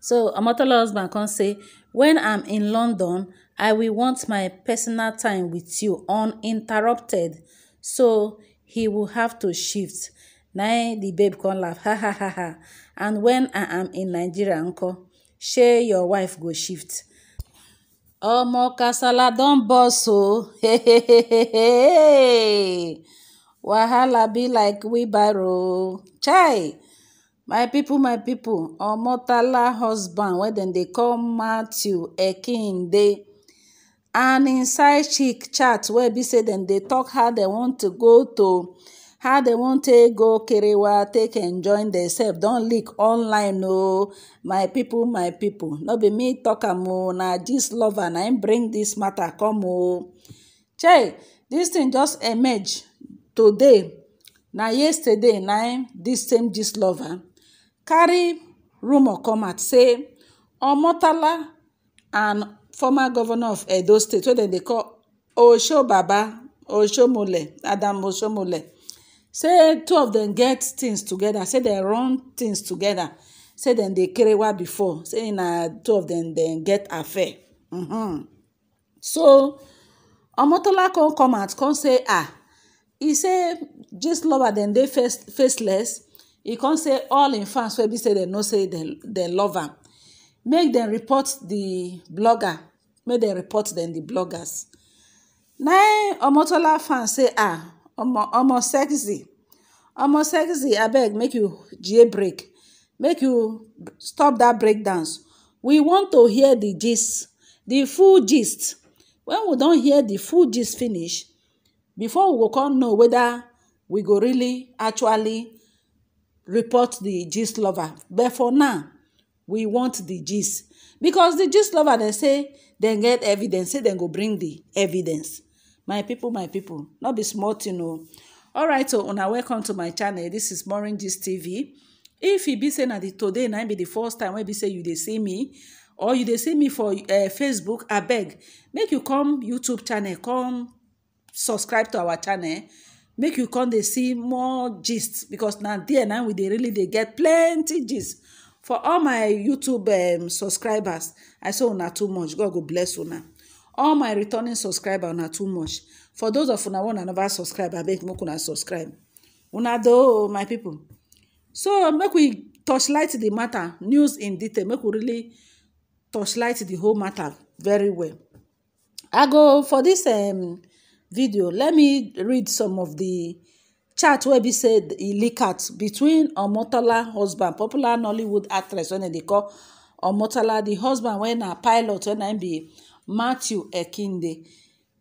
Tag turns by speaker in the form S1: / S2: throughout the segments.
S1: so omotolo husband come say when i'm in london i will want my personal time with you uninterrupted so he will have to shift na the babe come laugh ha ha ha ha and when i am in nigeria uncle, share your wife go shift Oh, more kasala don't don burst o wahala be like we wheelbarrow chai my people my people omotala husband wey dem dey call matthew ekinde and inside chick chat wey be say dem dey talk how dem want to go to how dem wan take go kerewa take enjoy themselves don leak online o my people my people no be me talk am o oh. na dis lover na im bring dis matter come o oh. chey dis thing just emerge today na yesterday na im dis same dis lover carry rumor come out say omotala and former governor of edo state wey dem dey call osho baba oshomole adam oshomole say two of dem get things together say dem run things together say dem dey kerewa before say na two of dem dem get affair mm-hmm. so omotola come come out come say ah e say gist lover dem dey faceless e come say all im fans wey be say dem know say dem love am make dem report di blogger make dem report dem di bloggers na omotola fans say ah omo sexy omo sexy abeg make you ga break make you stop dat break we want to hear di gist di full gist wen we don hear di full gist finish before we go come know weda we go really actually report the gist lover but for now we want the gist because the gist lover dem say dem get evidence say dem go bring the evidence my people my people no be small thing o oh. right, so oh, una welcome to my channel this is maureen gist tv if e be say na the today na e be the first time wey be say you dey see me or you dey see me for eh, facebook abeg make you come youtube channel come subscribe to our channel make you come dey see more gist because na there now we dey really dey get plenty gist for all my youtube um, subscribers i say una too much god go bless una all my returning subscribers una too much for those of una one another subscribe abeg make una subscribe una though my people so make we torchlight the matter news in detail make we really torchlight the whole matter very well i go for this um, video let me read some of the chat where he said he leak out between omotola husband popular nollywood actress When they call omotola the husband when a pilot when na im be matthew ekinde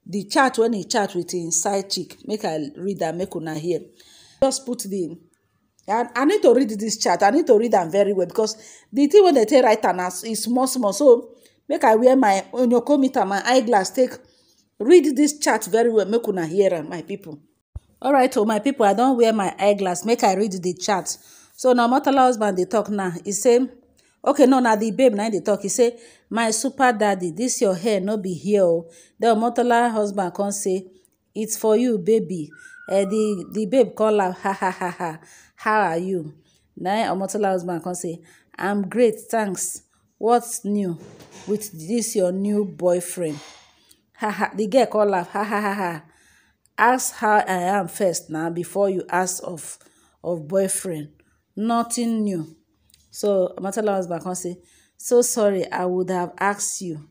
S1: The chat when he chat with im side chick make i read that. make una hear just put the. and i need to read this chat i need to read them very well because the thing when they take write and na is e small small so make i wear my onyokomita my eyeglass take read this chart very well make una hear am my All right, oh my people. i don wear my eyeglass make i read the chart so na motala husband dey talk now He say okay no na the babe na im dey talk." He say my super daddy this your hair no be here o oh. den motala husband come say its for you baby Eh, the the babe call laugh ha ha ha ha how are you na omotola husband come say i'm great thanks what's new with this your new boyfriend ha ha the girl called laugh ha ha ha ha ask how i am first now before you ask of of boyfriend nothing new so matala husband come say so sorry i would have asked you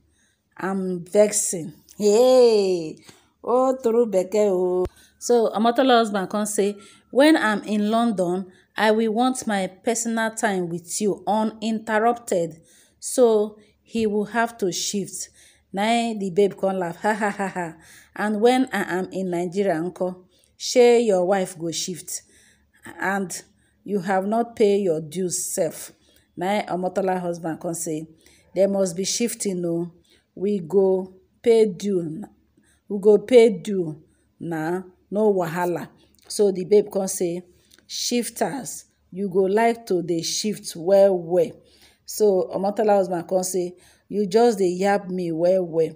S1: i'm vexing hey oh through beke oh so amatola husband come say when i'm in london i will want my personal time with you uninterrupted so he will have to shift na the babe can laugh ha ha ha ha and when i am in nigeria uncle, share your wife go shift and you have not pay your dues sef na omotola husband can say there must be shifting no. Oh. we go pay due we go pay due na no wahala so the babe can say shifters you go like to the shift well well so omotola husband can say you just dey yarb me well well.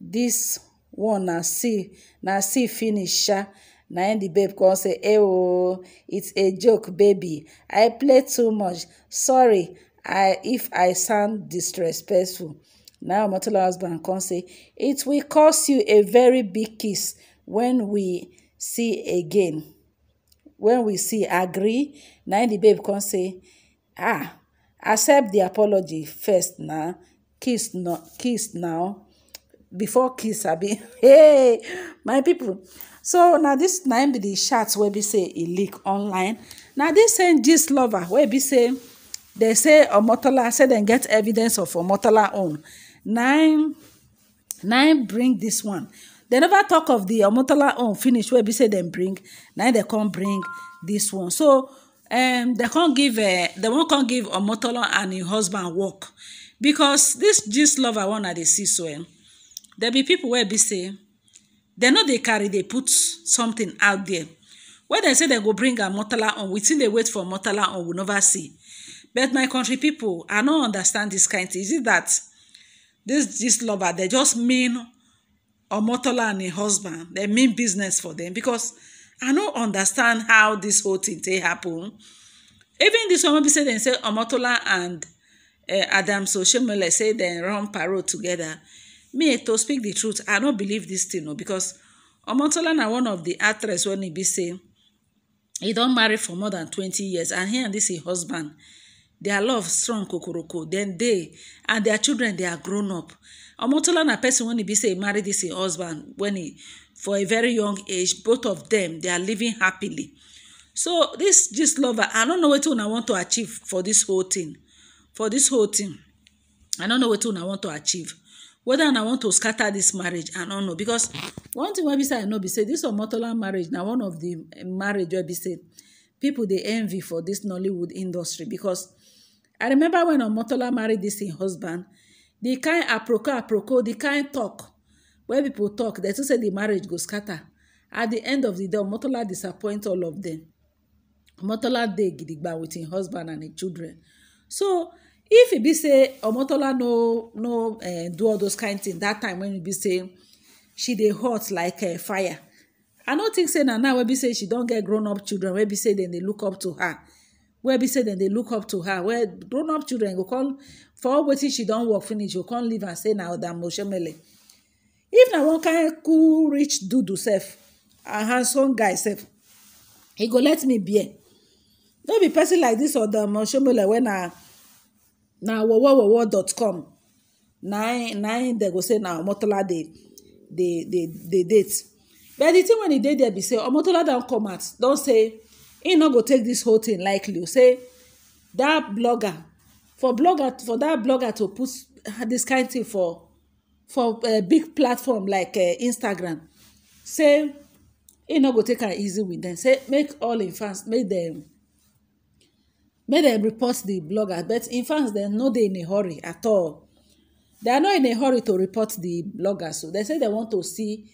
S1: This one na see na see finish sha. Na im the babe come say "Hey, eh, ooo oh, it's a joke baby. I play too much. Sorry I if I sound disrespectful. Na Omotola husband come say it will cost you a very big kiss when we see again. When we see agree. Na im the babe come say ah accept the apology first na kiss no, kiss now before kiss abi hey my people so na this na im be the chat wey be say e leak online na this same gist lover wey be say dey say omotola say dem get evidence of omotola own na im na im bring this one dem never talk of the omotola own finish wey be say dem bring na im dem come bring this one so um dem eh, wan come give omotola and im husband work because this just lover one i they see so eh there be people where be say they know they carry They put something out there When they say they go bring a motola on we still they wait for motola on we never see but my country people, i no understand this kind is it that this just lover They just mean a motola and a husband They mean business for them. because i no understand how this whole thing take happen even this woman be say they say a motola and uh, eh, adams oshomole say dem run parrot together me to speak the truth i don't believe this thing No, because omotola na one of the actress when he be say don't marry for more than 20 years and he and this is husband their love strong kokoroko Then they and their children they are grown up omotola na person when he be say he married this husband when he for a very young age both of them they are living happily so this this lover i don't know what I want to achieve for this whole thing for this whole thing i don't know wetin i want to achieve whether i want to scatter this marriage i don't know because one thing wey be say i know be say dis omotola marriage na one of the marriage wey be say people dey envy for this nollywood industry because i remember wen omotola marry this im husband the kind aproko aproko the kind talk wey people talk they too say the marriage go scatter at the end of the day omotola disappoint all of them. omotola dey gidigba with im husband and im children so if e be say omotola no no eh, do all those kind things that time when you be say she dey hot like eh, fire i no think say na now wey be say she don get grown up children wey be say dem dey look up to her wey be say dem dey look up to her where grown up children go come for all wetin she don work finish go come leave her say na oda moshemele if na one kind cool rich dudu sef and handsome guy sef he go let me be no be person like dis oda moshemele wey na na wowowowo.com na na dem go say na omotola dey dey date but the tin when e dey there be say omotola don come out don say he no go take this whole thing likely say that blogger for blogger for that blogger to put this kind thing for for a eh, big platform like eh, instagram say he no go take am easy wit dem say make all im fans make them." make dem report the blogger but in fact dem no dey in a hurry at all They are not in a hurry to report the blogger so they say they want to see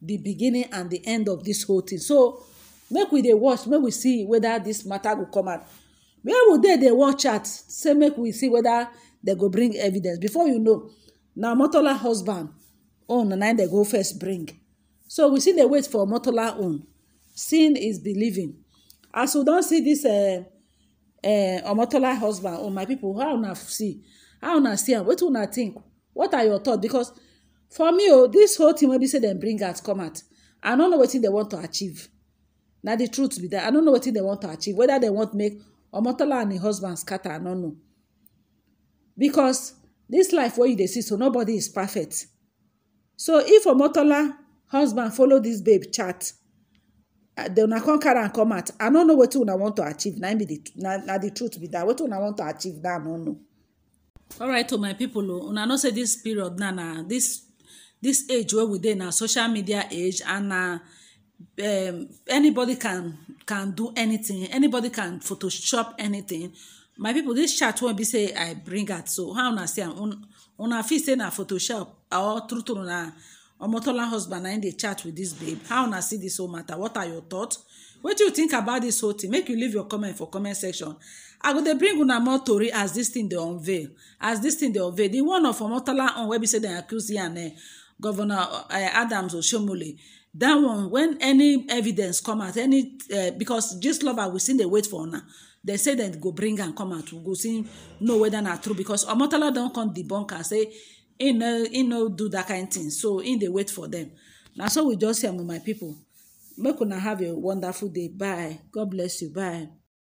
S1: the beginning and the end of this whole thing so make we dey watch make we see whether this matter go come out where we dey dey watch at say make we see whether they go bring evidence before you know na motola husband own na nine dem go first bring so we still dey wait for motola own seeing is believing as we don see dis Eh, omotola husband or oh, my people how una see how una see am wetin una think what are your thoughts because for me oh, this whole thing wey be say dem bring out come out i no know wetin dem want to achieve na the truth be that i no know wetin dem want to achieve whether dem want make omotola and im husband scatter i no know because this life wey you dey see so nobody is perfect so if omotola husband follow this babe chat Uh, they una come carry am come out i don't know wetin una want to achieve Now be the na the truth be that what una want to achieve na i no know. right, o oh, my people, o oh, una know say this period na na this, this age where we dey na social media age and na um, anybody can can do anything anybody can photoshop anything my people, this chat won't be say i bring out so how una see am una fit say na photoshop or true true na omotola husband na im dey chat with this babe how una see this whole matter what are your thoughts wetin you think about this whole thing make you leave your comment for comment section i go dey bring una more tori as this thing dey unveil as this thing dey unveil The one of omotola on wey be say dem accuse yan eh, governor eh, adams oshomole That one when any evidence come out any eh, because dis lover we still dey wait for una dem say dem go bring am come out we go see know whether na true because omotola don come debunk am say him no him no do dat kain thing so him dey wait for them. na so we just see am my people. make una have a wonderful day bye god bless you bye